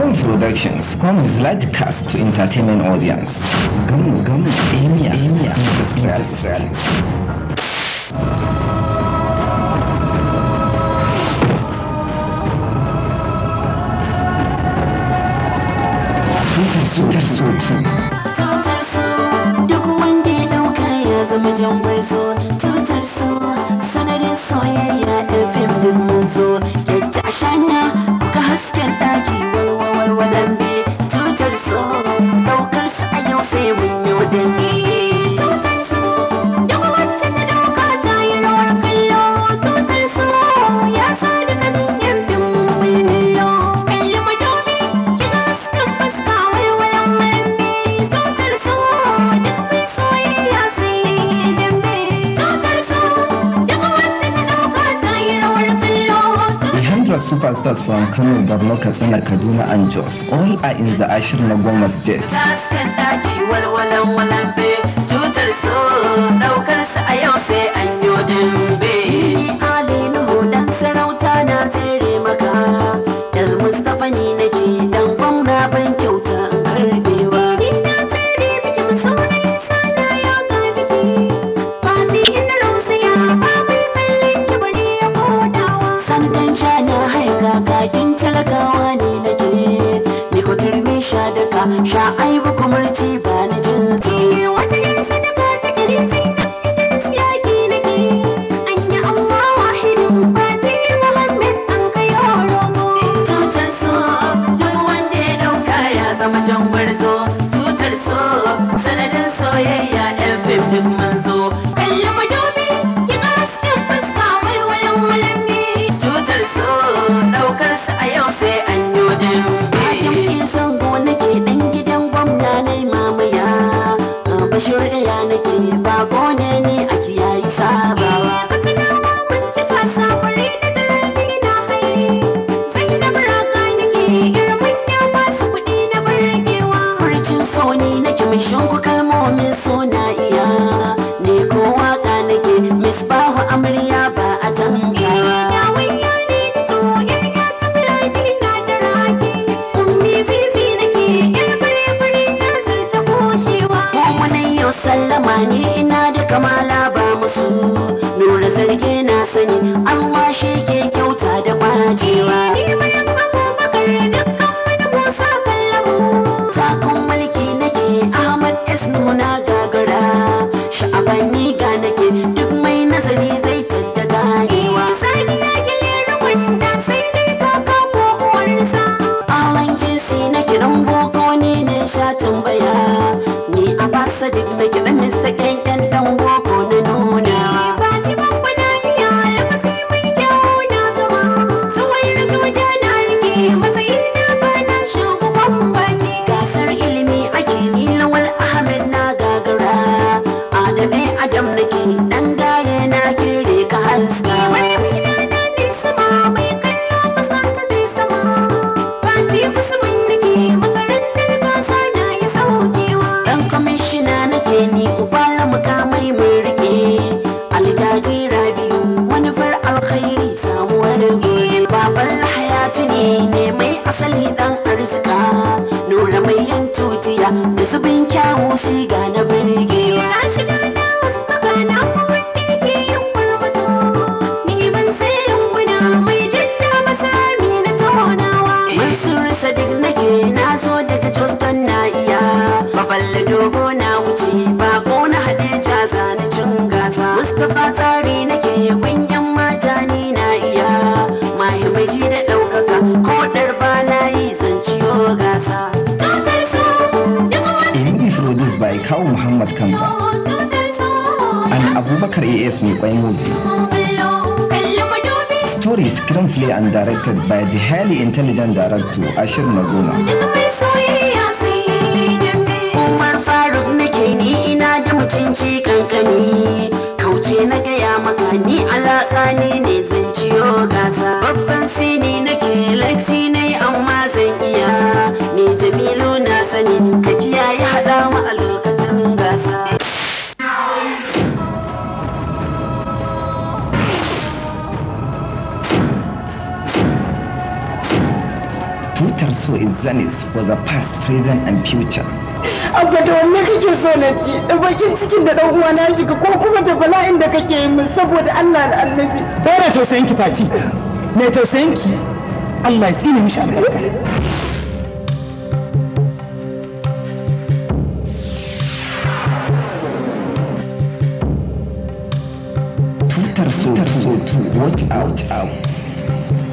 Come Productions Come large cast to entertainment audience. Come, come, Emia, Emia, Industrial. superstars from Kano, Borno, Katsina, Kaduna, and Jos. All are in the Ashir Nagoma state. sha ai ba kumurci ba shirya nake ನಾವು su bin kyawu siga na birge muhammad kansa an abubakar as mai kwayo story screenplay and directed by the highly intelligent director ashir nagoma umar faruk nake ni ina da mutunci kankani kauce na gaya maka ni alaƙa ni ne zan ciyo gasa babban sini nake latti ne amma zan iya me jamilu na sani so is zenith for the past, present and future. Abba da wanne kake so na ci da bakin cikin da dan uwa na shiga ko kuma da bala'in da kake yi min saboda Allah da Annabi. Dora tausayin ki fati. Me tausayin ki? Allah ya tsine mishi albarka. Tutar so, tutar so, watch out, out.